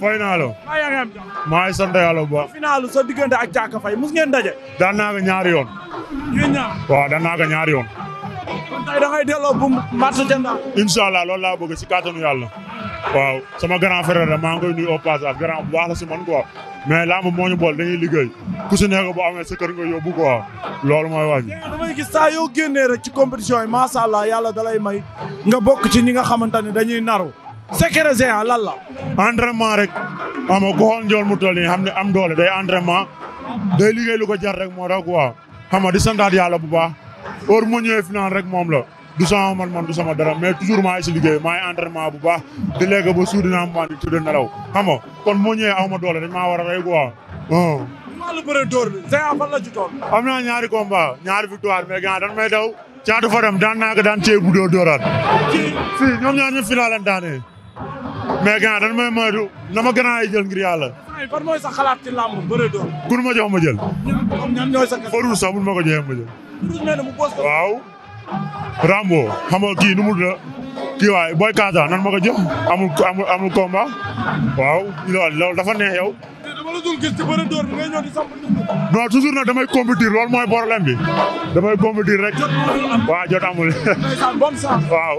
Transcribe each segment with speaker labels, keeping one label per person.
Speaker 1: fay naa la. maa yaa ngi sa diggante ak Caaka Faye mus ngeen daje. daan naa ko ñaari yoon. yéen ñaar. naa ko ñaari yoon. kon tey da ngay laa bëgg si kàttanu yàlla. waaw sama grand frère la maa ngi koy nuyu au passage grand bu baax la si man moo ñu bool dañuy liggéey ku si nekk boo amee kër
Speaker 2: nga yóbbu quoi
Speaker 1: loolu mooy wàññi.
Speaker 2: damay gis saa yoo génnee ci compétition yi macha allah yàlla dalay may nga bokk ci ñi nga xamante ne dañuy naru secret géant lan la. entraînement
Speaker 1: rek xam nga ku xool njool mu toll nii xam ne am doole day entraînement day liggéey lu ko jar rek moo tax quoi xam nga di santaat yàlla bu baax heure moo ñëwee rek moom la. du sama man man du sama dara mais toujours maa si liggéey maa ngi entraînement bu baax di lekk ba suur dinaa mën di tudd nelaw xam kon moo ñëwee aw ma doole dañ maa war a rey quoi. wàllu bëre dóor bi Géant fan la ci tool. am naa ñaari combat ñaari victoire mais Géant dañ may daw caatu fa daan naa ko daan téye bu dóor dóoraat. fii ñoom ñaar ñu final mais gannaaw dañ may moytu na ma gannaaw yi jël ngir yàlla.
Speaker 2: fan mooy sa ma jox ma jël. ñan
Speaker 1: ñooy sa ma ko
Speaker 2: joxee waaw.
Speaker 1: Rambo xam nga nu mu la kii waay booy Kaasa nan ma ko jox amul amul amul combat waaw loolu dafa neex yow.
Speaker 2: dama la dul gis ci bëri door bi ngay
Speaker 1: damay compétir loolu rek. waaw jot amul. waaw.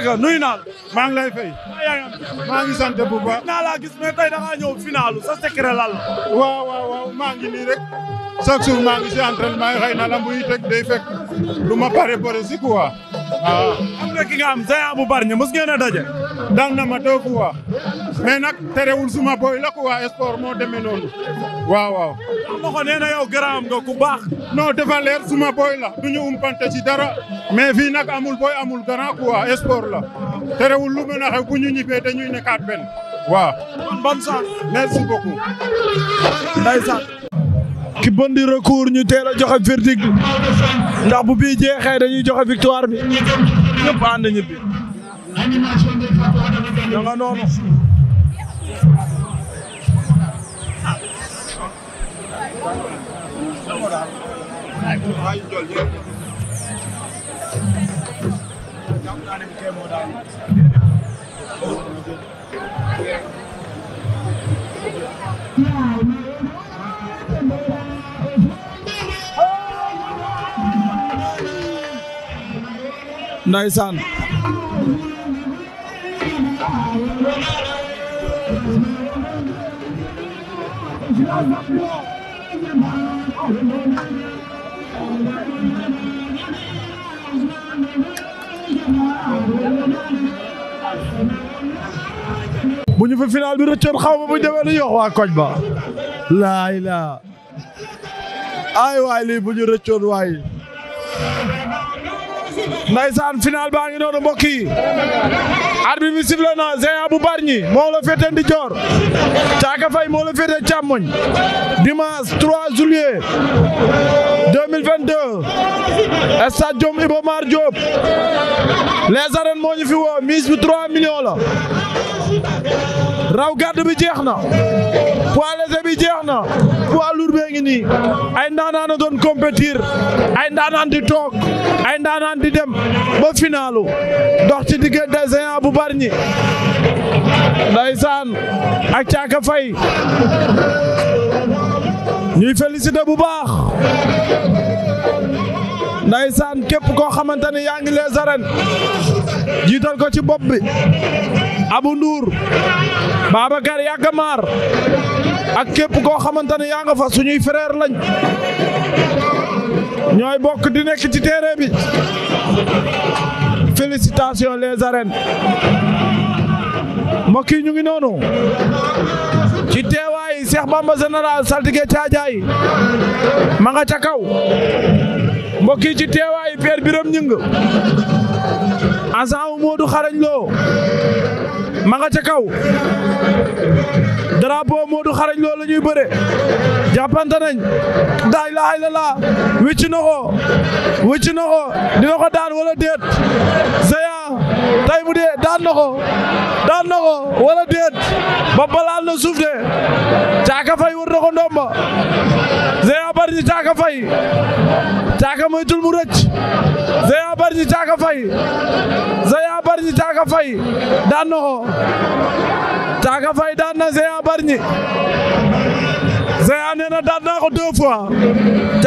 Speaker 2: Ndiaga nuyu naa lay fay.
Speaker 1: maa ngi sant bu baax.
Speaker 2: naa laa gis mais tey da ngaa ñëw finalu sa secret lan la. waaw waaw waaw maa ngi nii rek. chaque jour maa ngi si entraînement yi xëy na la muy teg day fekk
Speaker 1: lu ma pare pare si quoi. am nga ki nga am Zaya Abu Barñe mos ngeen a daje. dal na ma deux fois mais nag terewul suma boy la ko waa sport moo demee noonu waaw waaw. ma ko nee na yow garaam nga ku baax. noo dafa suma boy la du ñu umpante ci dara mais fii nag amul booy amul grand quoi sport la terewul lu mën a xew bu ñu ñibbee dañuy nekkaat benn waa kon bonne chance. merci beaucoup.
Speaker 2: ndeysaan. ki bon di ñu teel a joxe verdict ndax bu bii jeexee dañuy joxe victoire bi ñëpp ànd ñibbi. animation des drapeaux Adama Gaye da nga noonu Yeah. Ndeysaan bu ñu fi final bi rëccoon xaw ma bu ñu demee lu yox waa koñ ba laay ay waay lii bu ñu rëccoon waay ndaysaan final baa ngi noonu mbokk yi arbitre bi sifflé na Géant bu Bargny moo la féete ndijoor Caaka Faye moo la féete càmmoñ dimanche 3 juillet 2022 stade Iba Mar Diop les moo ñu fi woo mise bi 3 millions la raw gàdd bi jeex na poids léger bi jeex poids lourd bee ngi nii ay ndaanaan a doon compétir ay ndaanaan di toog ay ndaanaan di dem ba finalu dox ci diggante Géant bar Bargny ndaysaan ak Caaka Fay ñuy félicité bu baax ndaysaan képp koo xamante ne yaa ngi les arènes jiital ko ci bopp bi Abou Ndour Babacar Yakamar ak képp koo xamante ne yaa nga fa suñuy frère lañ ñooy bokk di nekk ci terrain bi félicitations les arènes mbokk ñu ngi noonu ci teewaayi Cheikh Bamba général saltige caajaay ma nga ca kaw mbokki ci teewaayu Père Biram ñëng agent wu Modou Xarañ Lo ma nga ca kaw drapeau Modou Xarañ Lo la ñuy bëre jàppante nañ daay la la la wicc na ko wicc na daan wala déet Zeya tay dee daan na daan na wala déet ba balaal na suuf de caaka fay wër na ko ndomba ni caaka caaka moytul mu rëcc Zeya Bargny caaka caaka fay daan na ko caaka fay daan na Zeya Bargny Zeya nee na daan naa ko deux fois